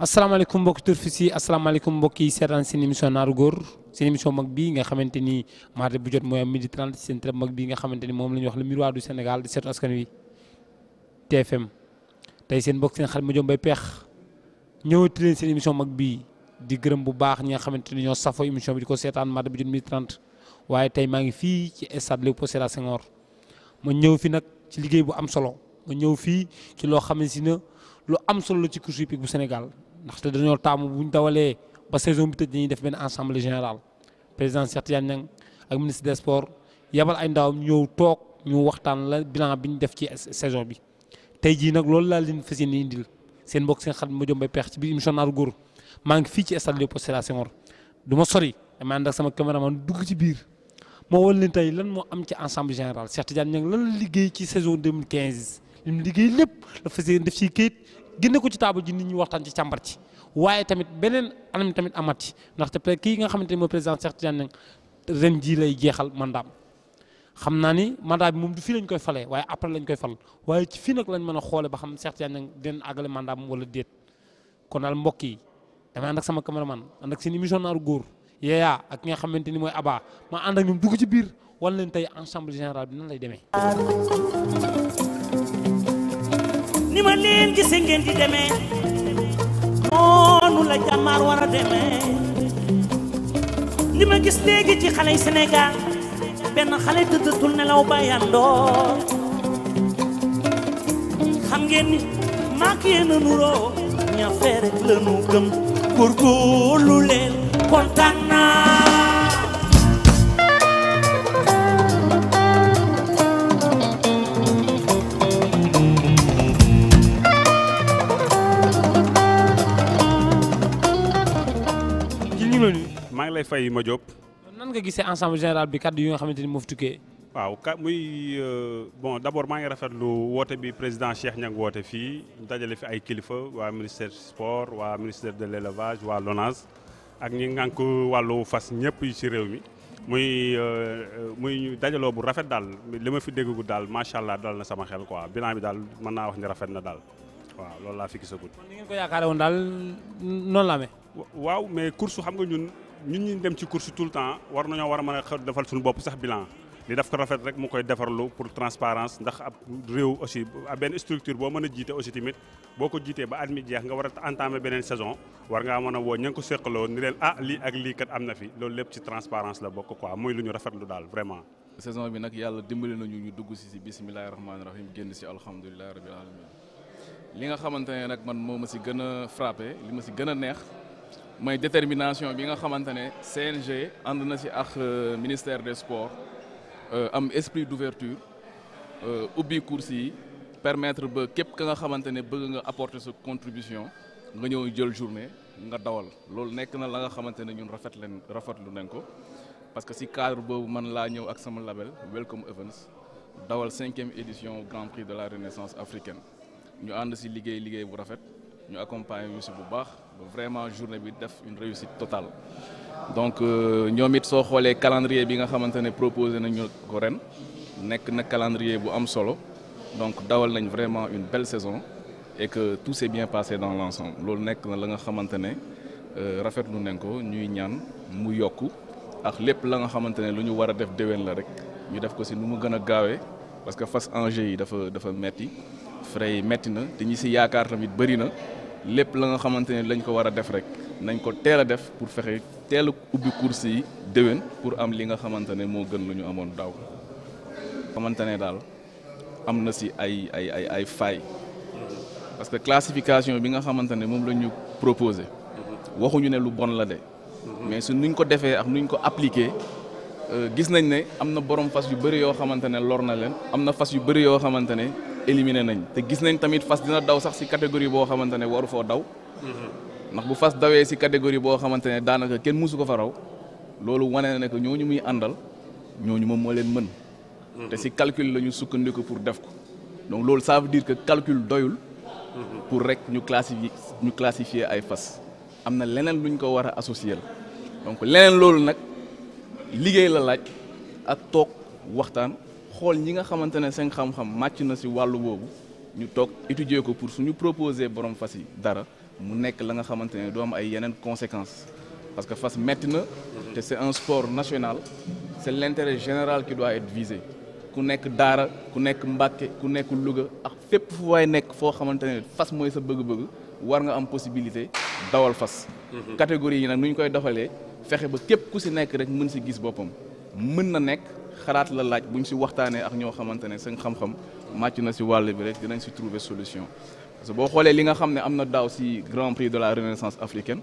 asalaamaaleykum mbokki turfis yi mbokk yi seetaan seen émission naaru góor seen émission mag bii nga xamante ni mardi bu jot mooy am midi 30 seen treb mag bii nga xamante ni moom la ñuy wax le miroir du Sénégal di seetu askan wi TFM tey seen mbokk seen xarit ma jom bay peex ñëwati leen seen émission mag bii di gërëm bu baax ñi nga xamante ni ñoo safo émission bi di ko seetaan mardi bu jot midi 30 waaye tey maa ngi fii ci stade Léopold Sédar Senghor ma ñëw fi nag ci liggéey bu am solo ma ñëw fii ci loo xam ne si na lu am solo la ci course hippique bu Sénégal ndaxte dañoo taamu bu ñu dawalee ba saison bi tëj dañuy def benn assemblée générale président Cheikh Tidiane Niang ak ministre de sports yebal ay ndawam ñëw toog ñu waxtaan la bilan bi ñu def ci saison bi. tey jii nag loolu laa leen fas yéene indil seen mbokk seen xarit ma jom bay peex ci biir émission naaru góor maa ngi fii ci stade Léopold Sédar Senghor du ma sori dama ànd ak sama caméraman dugg ci biir. moo wal leen tey lan moo am ci ensemble général Cheikh Tidiane Niang la liggéey ci saison 2015 quinze mu liggéey lépp la fas yéene def ci kayit génne ko ci table ji nit ñi waxtaan ci càmbar ci waaye tamit beneen anam tamit amat ci ndaxte kii nga xamante ni mooy président Cheikh Tidiane nag ren jii lay jeexal mandaam xam naa ni mandat moom du fii lañ koy falee waaye après lañ koy fal waaye ci nag lañ mën a xoole ba xam Cheikh Tidiane nag den àggale kon daal mbokk yi damay ànd sama cameraman ànd ak seen émission naaru góor yeeyaa ak ki nga xamante ni mooy Aba ma ànd ak ñoom dugg ci biir wala leen tey ensemble général bi nan lay demee ni ma leen gisee ngeen di demee noonu la jàmmaar war a demee li ma gis léegi ci xale yi Sénégal benn xale tëddatul nelaw ba yàndoor xam ngeen ni maak yéen a nuroo ña fee rek la nu gëm góorgóorlu leen kontaan ngi lay nuyu. maa ngi lay fay ma Diop. nan nga gisee ensemble général bi kaddu yi nga xamante ni moo fi tukkee. waaw ka muy euh, bon d' abord maa ngi rafetlu woote bi président Cheikh Niang woote fii dajale fi ay kilifa waa ministère sport waa ministère de l' élevage waa LONASE ak ñi ngànk wàllu fas ñëpp si réew mi. muy euh, euh, muy dajaloo bu rafet daal li ma fi déggu daal macha allah dal na sama xel quoi bilan bi daal mën naa wax ni rafet na daal waaw loolu laa fi gisagul. ni ngeen ko yaakaare waaw mais course xam nga ñun ñun ñu dem ci course tout le temps war nañoo war a mën a xel defal suñu bopp sax bilan li daf ko rafet rek mu koy defarlu pour transparence ndax ab réew aussi ab benn structure boo mën a jiite aussi tamit boo ko jiitee ba at mi jeex nga war a entamer beneen saison war nga mën a woo ña nga ko seqaloo ni leen ah lii ak lii kat am na fi loolu lépp ci transparence la bokk quoi muy lu ñu rafet lu daal vraiment. saison bi na yàlla dimbali nañu ñu dugg si si bisimilah rahmaani rahim génn si alhamdulilah rabil alamin li nga xamante ne man moo ma si gën a frappé li ma si gën a neex. mooy détermination bi nga xamante ne CNG ànd na si ak euh, ministère des sports euh, am esprit d'ouverture euh, ubbi course yi permettre ba képp ka nga xamante ne bëgg nga apporte sa contribution nga ñëw jël journée nga dawal loolu nekk na la nga xamante ne ñun rafet leen rafetlu nañ ko parce que ci cadre boobu man laa ñëw ak sama label Welcome Events dawal cinquième édition Grand Prix de la Renaissance africaine ñu ànd si liggéey liggéey bu rafet ñu accompagner ñu bu baax. ba vraiment journée bi def une réussite totale donc euh, ñoom it soo xoolee calendrier bi nga xamante ne proposé nañu ko ren nekk na calendrier bu am solo donc dawal nañ vraiment une belle saison et que tout s'est bien passé dans l'ensemble loolu nekk na la nga xamante ne euh, rafetlu nañ ko ñuy ñaan mu yokk ak lépp la nga xamante ne lu ñu war a def déwén la rek ñu def ko si nu mu gën a gaawee parce que face enjeu yi dafa dafa metti frais yi metti na te ñi si yaakaar tamit bëri na lépp la nga xamante ne lañ ko war a def rek nañ ko teel a def pour fexe teel a ubbi course yi déwén pour am li nga xamante ne moo gën lu ñu amoon daw xamante ne daal am na si ay ay ay ay failles parce que classification bi nga xamante ne moom la ñu proposé mhm. waxuñu ne lu bon la de mhm. mais su nuñ ko defee ak nuñ ko appliqué. Euh, gis nañ ne am na borom fas yu bëri yoo xamante ne lor na leen am na fas yu bëri yoo xamante ne éliminé nañ te gis nañ tamit fas dina daw sax si catégorie boo xamante ne waru foo daw mm-hmm. ndax bu fas dawee si catégorie boo xamante ne daanaka kenn musu ko fa raw loolu wane na ne que ñooñu muy àndal ñooñu moom moo leen mën mm-hmm. te si calcul la ñu sukkandiku pour def ko donc loolu ça veut dire que calcul doyul mm-hmm. pour rek ñu classifier ñu classifier ay fas am na leneen luñ ko war a associer donc liggéey la laaj ak toog waxtaan xool ñi nga xamante ne seen xam-xam màcc na si wàllu boobu ñu toog étudier ko pour suñu proposer borom fas yi dara mu nekk la nga xamante ne du ay yeneen conséquences parce que fas metti na te c'est un sport national c'est l'intérêt général qui doit être visé ku nekk daara ku nekk Mbàkke ku nekk Louga ak fépp fu waay nekk foo xamante ne fas mooy sa bëgg-bëgg war nga am possibilité dawal fas catégorie yi nag nu ñu koy dafalee fexe ba képp ku si nekk rek mën si gis boppam mën na nekk xalaat la laaj bu ñu si waxtaanee ak ñoo xamante ne seen xam-xam màcc na si wàll bi rek dinañ si trouver solution. parce que boo xoolee li nga xam ne am na daaw si grand prix de la renaissance africaine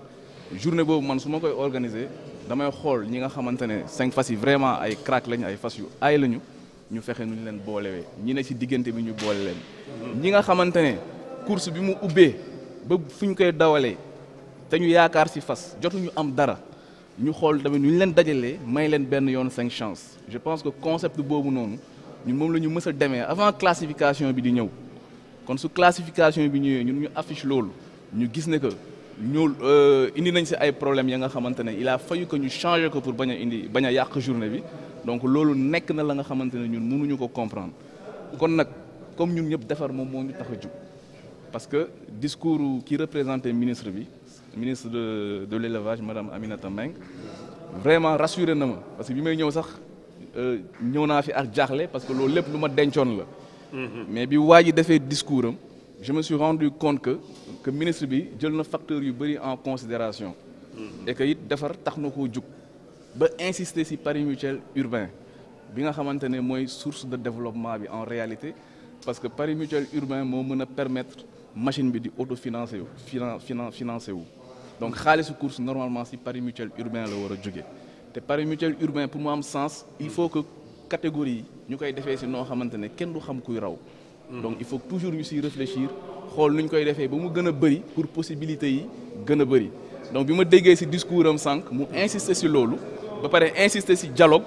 journée boobu man su ma koy organiser damay xool ñi nga xamante ne cinq fas yi vraiment ay crack lañ ay fas yu ay lañu ñu fexe nu ñu leen boolewee ñi ne si diggante bi ñu boole leen. ñi nga xamante ne course bi mu ubbee ba fu ñu koy dawalee. te ñu yaakaar si fas jotuñu am dara ñu xool tamit ñu leen dajalee may leen benn yoon cinq chance je pense que concept boobu noonu moom la ñu mës a demee avant classification bi di ñëw kon su classification bi ñëwee ñun ñu affiche loolu ñu gis ne que ñu euh, indi nañ si ay problèmes ya nga xamante ne il a fallu que ñu changer ko pour bañ a indi bañ a yàq journée bi donc loolu nekk na la nga xamante ne ñun mënuñu ko comprendre kon nag comme ñu ñëpp defar moom moo ñu parce que discours ki représenté ministre bi. ministre de de levage l'élevage madame Aminata Mbengue vraiment rassuré na ma parce que bi may ñëw sax euh, ñëw naa fi ak jaaxle parce que loolu lépp lu ma dencoon la. Mhm. mais bi waa ji defee discours am je me suis rendu compte que que ministre bi jël na facteur yu bëri en considération mhm. et que it defar tax na koo jug ba insister ci pari mutuel urbain bi nga xamante ne mooy source de développement bi en réalité parce que pari mutuel urbain moo mën a permettre machine bi di autofinancé wu finan finan financé wu donc xaalisu course normalement si pari mutuel urbain la war a jóge te pari mutuel urbain pour mu am sens il faut que catégorie yi ñu koy defee si noo xamante ne kenn du xam kuy raw hmm. donc il faut toujours ñu siy réfléchir xool nu ñu koy defee ba mu gën a bëri pour possibilité yi gën a bëri donc bi ma déggee si discours am sànq mu insister si loolu ba pare insister si dialogue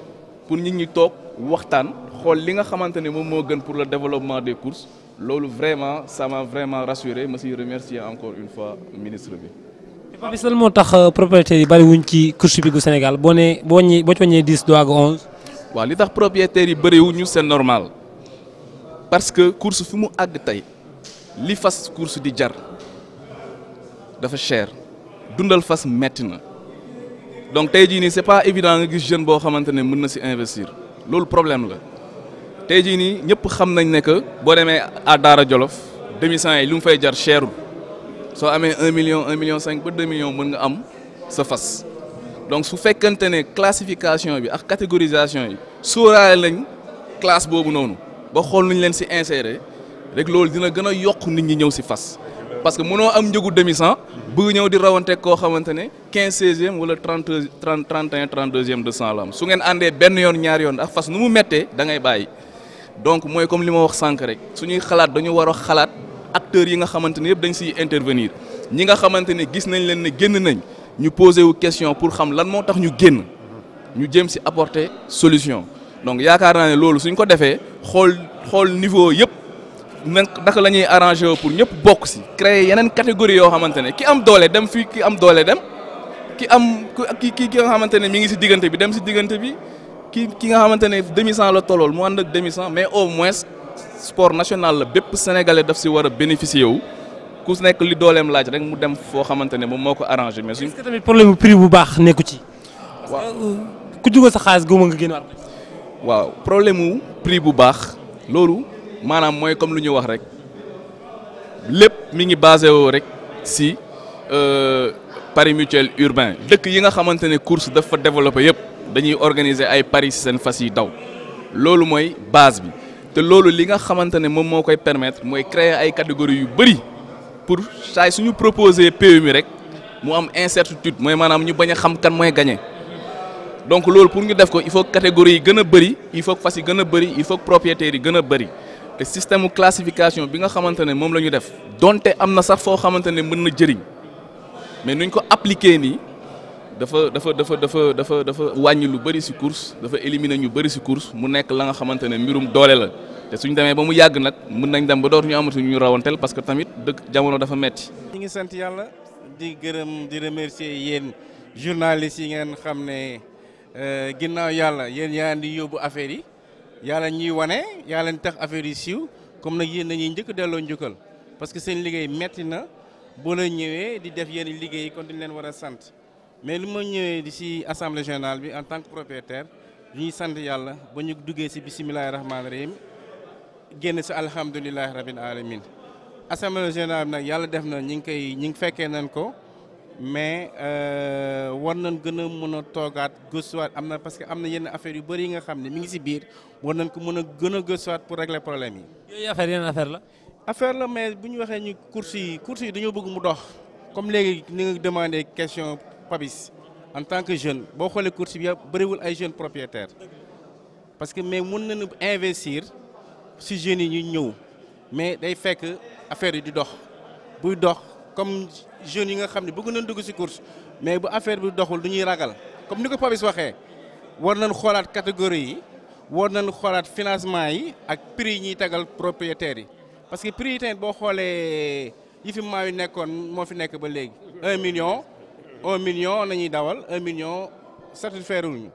pour nit ñi toog waxtaan xool li nga xamante ne moom moo gën pour le développement des courses loolu vraiment ça m'a ma siy remercier encore une fois ministre bi Pape Is moo tax euh, propriétaires yi bari ci course bi gu Sénégal boo nee boo ñi boo ci wàññee dix doo àgg onze. waaw li tax propriétaires yi bëri wuñu seen normal parce que course fi mu àgg tey li fas course di jar dafa cher dundal fas metti na donc tey jii nii c'est pas évident nga gis jeune boo xamante ne mën na si investir loolu problème la tey jii nii ñëpp xam nañ ne que boo demee à Daara Jolof demi yi lu mu fay jar cherul. soo amee un million un million cinq ba deux mën nga am sa fas donc su fekkante ne classification bi ak catégorisation yi sóoraale lañ classe boobu noonu ba xool nuñ leen si insérer rek loolu dina gën a yokk nit ñi ñëw si fas parce que munoo am njëgu demi cent bëgg ñëw di rawante koo xamante ne quinze seizième wala trente trente trente et un trente deuxième de cent la am su ngeen àndee benn yoon ñaari yoon ak fas nu mu méttee da ngay bàyyi donc mooy comme li ma wax sànq rek suñuy xalaat dañu war xalaat. acteurs yi nga xamante ne yëpp dañ siy intervenir ñi nga xamante ne gis nañ leen ne génn nañ ñu posé wu question pour xam lan moo tax ñu génn ñu jëm si apporter solution donc yaakaar naa ne loolu suñ ko defee xool xool niveau yëpp na naka la ñuy arrangé pour ñëpp bokk si créer yeneen catégorie yoo xamante ne ki am doole dem fi ki am doole dem ki am ki ki ki nga xamante ne mi ngi si diggante bi dem si diggante bi ki ki nga xamante ne demi-sang la tolool sport national la bépp sénégalais daf si war a bénéficier wu ku nekk li dooleem laaj rek mu dem foo xamante ne moom moo ko arrangé. mais suñ tamit problème prix bu baax nekku ci. waaw euh, ku dugal sa xaalis góob nga génn waaw problème mu prix bu baax loolu maanaam mooy comme lu ñu wax rek lépp mi ngi basé woo rek si euh, paris mutuel urbain dëkk yi nga xamante ne course dafa développé yëpp dañuy organiser ay paris seen fas yi daw loolu mooy base bi. te loolu li nga xamante ne moom moo koy permettre mooy créer ay catégories yu bëri pour saay suñu proposer PMI rek mu am incertitude mooy maanaam ñu bañ a xam kan mooy gagné donc loolu pour ñu def ko il faut catégories yi gën a bëri il faut fas yi gën a bëri il faut propriétaires yi gën a bëri te système mu classification bi nga xamante ne moom la ñu def donte am na sax foo xamante ne mën na jëriñ mais nuñ ko appliquer nii. dafa dafa dafa dafa dafa dafa wàññi lu bëri si course dafa éliminer ñu bëri si course mu nekk la nga xamante ne mbirum doole la te suñ demee ba mu yàgg nag mun nañ dem ba dootuñu amatu ñu rawanteel parce que tamit dëkk jamono dafa metti ñi ngi sant yàlla di gërëm di remercier yéen journalistes yi ngeen xam ne euh, ginnaaw yàlla yéen yaa di yóbbu affaire yi yàlla ñuy wane yàlla ñu tax affaire yi siiw comme nag yéen nañuy njëkk delloo njëkkal parce que seen liggéey metti na boo la ñëwee di def yenn liggéey kon dañ leen war a sant mais lu ma ñëwee di si assemblée générale bi en tant que propriétaire ñu ñuy sant yàlla ba ñu duggee si bisimilahi rahmaani rahim génn si alhamdulilahi rabbil alamin assemblée générale bi nag yàlla def na ñu ngi koy ñi ngi fekkee nan ko mais euh, war nañ gën a mën a toogaat gëstuwaat am na parce que am na yenn affaire yu bëri yi nga xam ne mi ngi si biir war nañ ko mën a gën a pour régler problème yi. yooyu affaire yenn affaire la. affaire la mais bu ñu waxee yi dañoo bëgg mu dox comme question Pabis en tant que jeune boo xoolee course bi bëriwul ay jeunes propriétaires parce que mais mun na nañu investir si jeunes yi ñuy ñëw mais day fekk affaire yi di dox buy dox comme jeunes yi nga xam ne bëgg nañ dugg si course mais bu affaire bi doxul du ñuy ragal comme ni ko Pabis waxee war nañ xoolaat catégorie yi war nañ xoolaat financement yi ak prix yi ñuy tagal propriétaires yi parce que prix yi tamit boo xoolee yi fi maa yu nekkoon moo fi nekk ba léegi un million la ñuy dawal un million satisfaire wuñu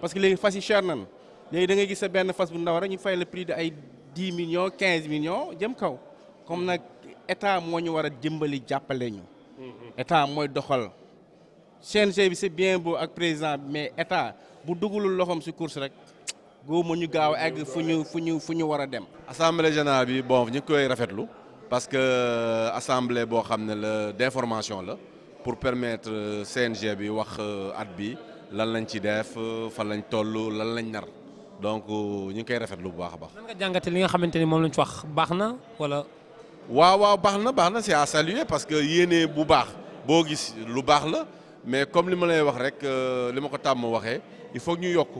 parce que léegi fas yi cher nan léegi da ngay gis sa benn fas bu ndaw rek ñu fay le prix de ay dix millions quinze millions jëm kaw comme nag état moo ñu war a dimbali jàppale ñu. état mooy doxal. CNG bi c'est bien beau ak président mais état bu dugalul loxoom si course rek góobu ñu gaaw a egg fu ñu fu ñu fu ñu war a dem. assemblée générale bi bon ñu koy rafetlu parce que euh, assemblée boo xam ne la d'information la. pour permettre euh, CNG bi wax euh, at bi lan lañ ci def euh, fan lañ toll lan lañ nar donc ñu ngi koy rafetlu bu baax a baax. nan li nga xamante ni moom lañ ci wax baax na wala. waaw baax na baax na c'est à saluer parce que yéene bu baax boo gis lu baax la mais comme li ma lay wax rek li ma ko tàmm waxee il faut ñu yokk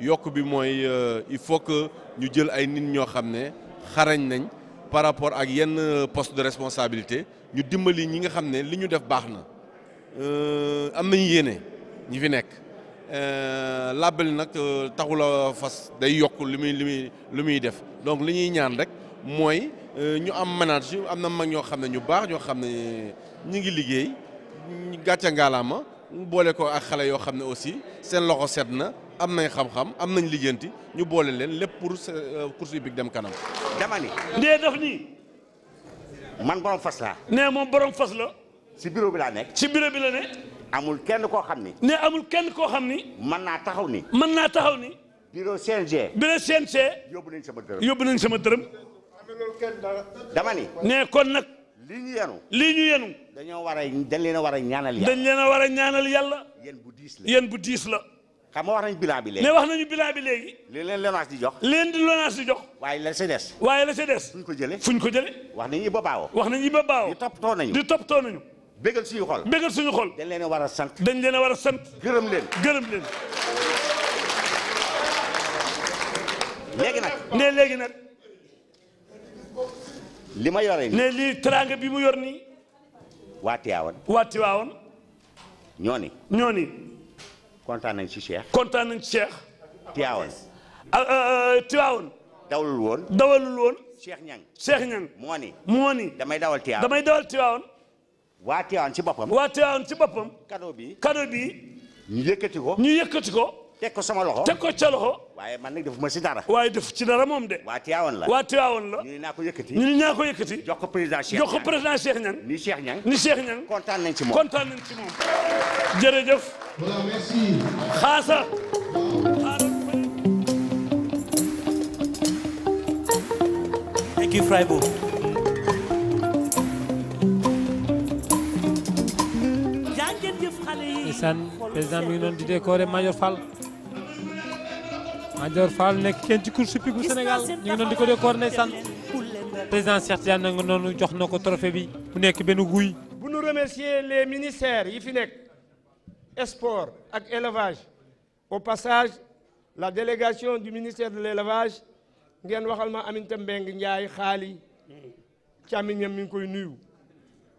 yokk bi mooy il faut que ñu jël ay nit ñoo xam ne xarañ nañ par rapport ak yenn poste de responsabilité ñu dimbali ñi nga xam ne li ñu def baax na. Euh, am nañu yéene ñi fi nekk euh, làbbali nag euh, taxula fas day yokk li muy li muy li muy def donc li ñuy ñaan rek mooy ñu am manager am na mag ñoo xam ne ñu baax ñoo xam ne ñu ngi liggéey gàcce ngaalaama boole ko ak xale yoo xam ne aussi seen loxo set na am nañ xam-xam am nañ liggéeyanti ñu boole leen lépp pour course hippique dem kanam. dama ndee daf nii. man borom fas laa. nee moom borom fas la. si bureau bi laa nekk. ci bureau bi ne. amul kenn koo xam ni. ne amul kenn koo xam ni. mën naa taxaw ni. mën naa taxaw ni. bureau CNG. bureau CNG. yóbbu nañ sama dërëm yóbbu nañ sama dërëm. dama ni. ne kon nag. lii ñu yenu. lii ñu yenu. dañoo war a dañ leen a war ñaanal yàlla. dañ leen a war a yàlla. yéen bu diis la yéen bu diis la. xam nga wax nañu bilan bi léegi. ne wax nañu bilan bi léegi. li leen LONASE di jox. leen di LONASE di jox. waaye la sa des. waaye la se des. fu ko jëlee fu ko jëlee. wax nañu Iba Baawo. wax nañu Iba Baawo. di toppatoo nañu di toppatoo nañu. bégal suñu xol bégal suñu xol. dañ leen a war dañ leen a war a sant. gërëm leen gërëm leen. léegi nag ne léegi nag. li ma yore nii ne lii teraanga bi mu yor nii. waa Tiwaawan waa Tiwaawan. ñoo ni ñoo ni. kontaan nañ ci Cheikh. kontaan nañ ci Cheikh. Tiwaawan. Ah, ah, ah, Tiwaawan. dawalul woon dawalul woon. Cheikh Ñang Cheikh Ñang moo ni moo ni damay dawal Tiwaawan damay dawal Tiwaawan. waa Tiwaawan ci boppam. waa Tiwaawan ci boppam. bi cadeau bi. ñu yëkkati ko ñu yëkkati ko. teg ko sama loxo teg ko ca loxo. waaye man nag defuma ci dara. waaye def ci dara moom de. waa la waa Tiwaawan la. ñu ne naa ñu ne naa ko yëkkati. jox ko président Cheikh jox ko président Cheikh Niang. ni Cheikh Niang ni Cheikh Niang. kontaan nañ ci moom kontaan nañ ci moom. jërëjëf. voilà merci. ndeysaan président mi ngi noonu di décorer Major Fall Major Fall nekk kenn ci course hippique bu di ko décorer ndeysaan président Cheikh Tidiane na nga noonu jox na ko trophée bi mu nekk benn guy. bu nu remercier les ministères yi fi nekk sport ak élevage passage la délégation du ministère de l' élevage ngeen waxal ma Aminata Mbengue Ndiaye xaali càmmiñam mi ngi koy nuyu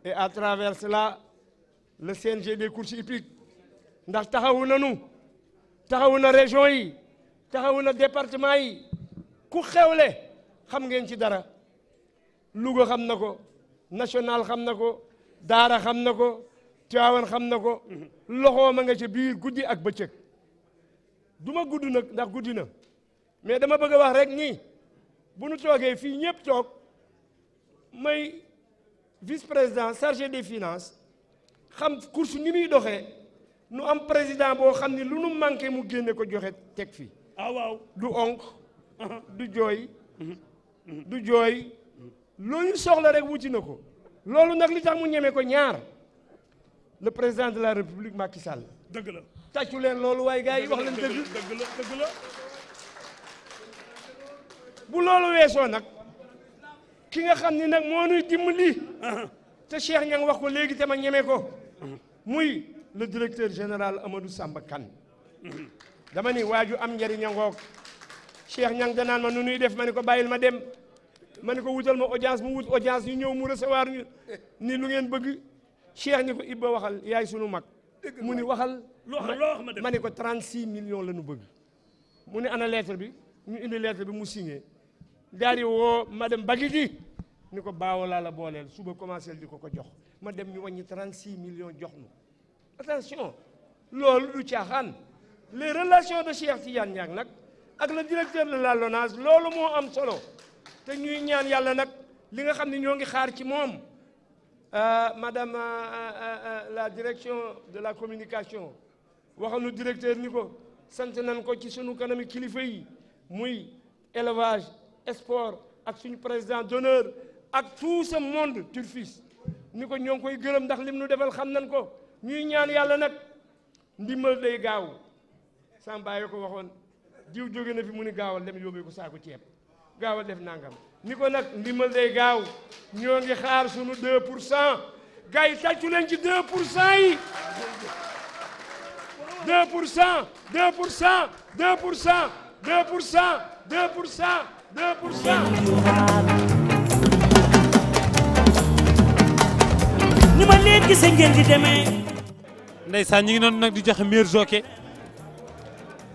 et à travers cela le CNG des courses hippiques ndax taxawu nanu taxawu na région yi taxawu na département yi ku xewle xam ngeen ci dara Louga xam na ko national xam na ko Daara xam na ko Tivaouane xam na ko loxoo ma nga ca biir guddi ak bëccëg du ma gudd nag ndax guddi na mais dama bëgg a wax rek nii bu nu toogee fii ñëpp toog may vice président chargé des finance xam course ni muy doxee nu am président boo xam ni lu nu manqué mu génne ko joxe teg fi ah du onk uh-huh. du jooy uh-huh. Uh-huh. du jooy loo ñu soxla rek wuti na ko loolu nag li tax mu ñeme ko ñaar le président de la république Macky Sall dëgg la tàccu leen loolu waaye gars yi wax leen dëgg dëgg la dëgg la bu loolu weesoo nag ki nga xam ni nag moo nuy dimbali te Cheikh Niang wax ko léegi te ma ñeme ko muy le directeur général amadu Samba kan dama ni waaju am njëriñ a ngoog Cheikh Niang danaan ma nu nuy def ma ni ko bàyyil ma dem ma ni ko wutal ma audience mu wut audience ñu ñëw mu recevoir ni lu ngeen bëgg Cheikh ni ko Ibba waxal yaay sunu mag mu ni waxal ma ni ko 36 millions la ñu bëgg mu ni ana lettre bi ñu indi lettre bi mu si daal di woo madame Bagidi ni ko baawalaa la booleel suba commencé di ko ko jox ma dem ñu wàññi 36 millions jox nu attention loolu du caaxaan les relations de Cheikh Tidiane Niang nag ak le directeur de la LONASE loolu moo am solo te ñuy ñaan yàlla nag li nga xam ne ñoo ngi xaar ci moom euh, madame euh, euh, la direction de la communication waxanu directeur ni ko sant nañ ko ci sunu kanami kilifa yi muy élevage sport ak suñu président d'honneur ak tout ce monde turfis ni ko ñoo ngi koy gërëm ndax lim nu defal xam nañ ko ñuy ñaan yàlla nag ndimmal day gaaw sàmbaay ko waxoon jiw jóge na fi mu ni gaawal dem yóbbee ko saako ceeb gaawal def nangam ni ko nag ndimmal day gaaw ñoo ngi xaar sunu 2 pour cent gars yi tàccu leen ci 2 pour cent yi 2 pour cent 2 pour cent 2 pour cent 2 pour cent 2 pour cent ba léegi sa ngeen di demee. ndeysaan ñu ngi noonu nag di joxe meilleur jockey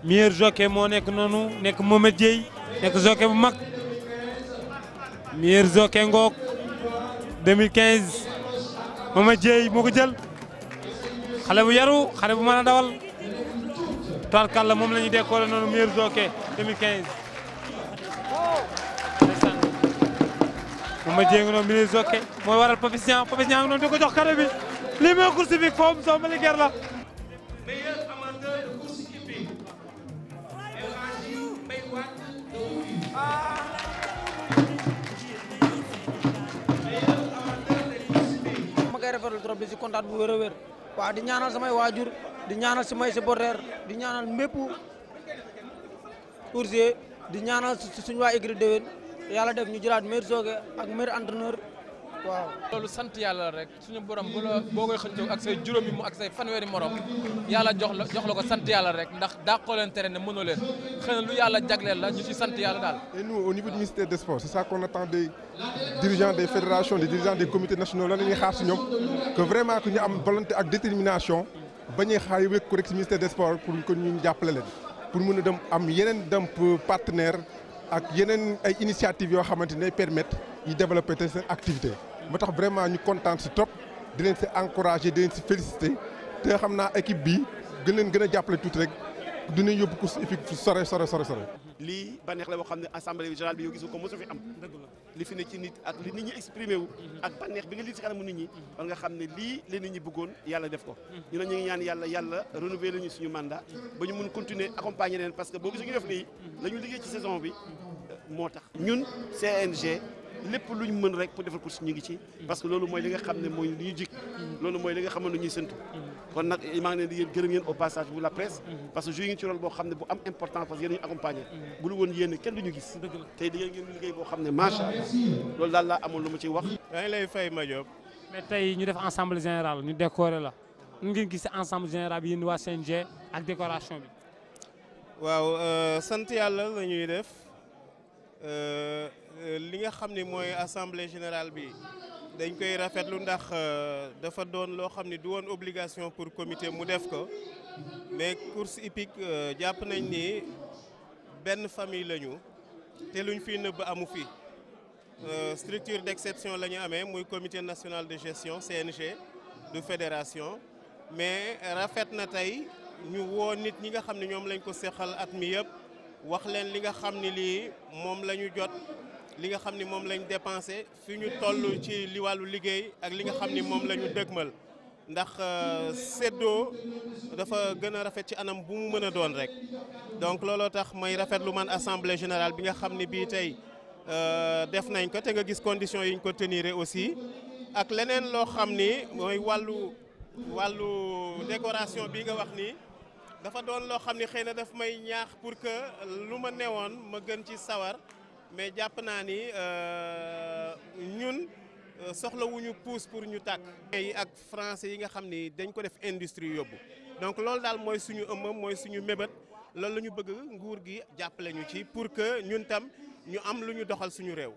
meilleur jockey moo nekk noonu nekk Mohamed Dieye nekk jockey bu mag meilleur jockey ngook 2015 Mohamed Dieye moo ko jël xale bu yaru xale bu mën a dawal tarkalla moom la ñuy décorer noonu meilleur jockey 2015. Mama Dieng noonu mi lay zokke mooy waral Papis Niang Papis Niang noonu di ko jox kare bi lii mooy course hippique foofu mu soxla la. meilleur amateur de course hippique El Hadji Mbaye trop di si kontaan bu wér a wér di ñaanal samay waajur di ñaanal si supporter di ñaanal mbépp coursier di ñaanal suñu waa écurie déwén yàlla def ñu jëlaat meilleur sooke ak meilleur entraîneur waaw. loolu sant yàlla rek suñu borom bu la boo koy xëccoo ak say juróomi mu ak say fanweeri morom yàlla jox la jox la ko sant yàlla rek ndax dàqoo leen tere ne mënoo leen xëy na lu yàlla jagleel la ñu ci sant yàlla daal. et nous au niveau du ministère des sports c'est ça qu'on attend des dirigeants des fédérations des dirigeants des comités nationaux lan la ñuy xaar ci ñoom que vraiment que ñu am volonté ak détermination bañ a xaar wékku rek ci jàppale leen pour mën a dem am yeneen dem partenaire ak yeneen ay initiative yoo xamante ne permettre ñu développer te seen activité moo tax vraiment ñu kontaan si trop di leen si encourager di leen si féliciter te xam naa équipe bi gën leen gën a jàppale tuuti rek dinañ yóbbu ko si équipe fu sore sore sore sore lii bànneex la boo xam ne assemblée générale bi yow gisu ko mosu fi am li ne ci nit ak li nit ñi exprimé mhm. ak bànneex bi nga lii ci kanamu nit ñi war mhm. nga xam ne lii la nit ñi bëggoon yàlla def ko mhm. ñu ne ñu ngi ñaan yàlla yàlla renouveler ñu suñu mandat ba ñu mun continuer accompagner leen parce que boo gisee ñu def lii la liggéey ci saison bi euh, moo tax ñun CNG lépp lu ñu mën rek pour defal course ñu ngi ci parce que loolu mooy li nga xam ne mooy li ñu jik loolu mooy li nga xam ne ñuy séntu kon nag maa ngi leen di yéen gërëm yéen au passage la presse parce que joué boo xam ne bu am important parce que yéen ñu accompagné bu lu woon yéen tey di ngeen liggéey boo xam ne macha loolu daal laa amoon lu ma ciy wax maa ngi lay fay ma Diop mais tey ñu def ensemble général ñu décoré la nu gis ensemble général bi yéen waa CNG ak décoration bi waaw euh, sant yàlla la ñuy def euh, Euh, li nga xam ni mooy assemblée générale bi dañ koy rafetlu ndax euh, dafa doon loo xam ni du woon obligation pour comité mu def ko mais course hippique euh, jàpp nañ ni benn famille lañu te lu ñu fi nëbb amu fi structure d'exception la ñu amee muy comité national de gestion CNG du fédération mais rafet na tey ñu woo nit ñi nga xam ne ñoom lañ ko seqal at mi yëpp wax leen li nga xam ni lii moom la ñu jot li nga xam ni moom lañ dépensé fi ñu toll ci li wàllu liggéey ak li nga xam ni moom la ñu dëgmal ndax euh, séddoo dafa gën a rafet ci anam bu mu mën a doon rek donc looloo tax may rafetlu man assemblée général bi nga xam ni bii tey euh, def nañ ko te nga gis conditions yi ñu ko tenir aussi ak leneen loo xam ni mooy wàllu wàllu décoration bi nga wax nii dafa doon loo xam ni xëy na daf may ñaax pour que lu ma newoon ma gën ci sawar. mais jàpp naa ni euh, ñun euh, soxlawuñu pousse pour ñu tàkk. yi ak français yi nga xam ni dañ ko def industrie yóbbu donc loolu daal mooy suñu ëmmam mooy suñu mébét loolu la ñu bëgg nguur gi jàpp ñu ci pour que ñun tam ñu am lu ñu doxal suñu réew.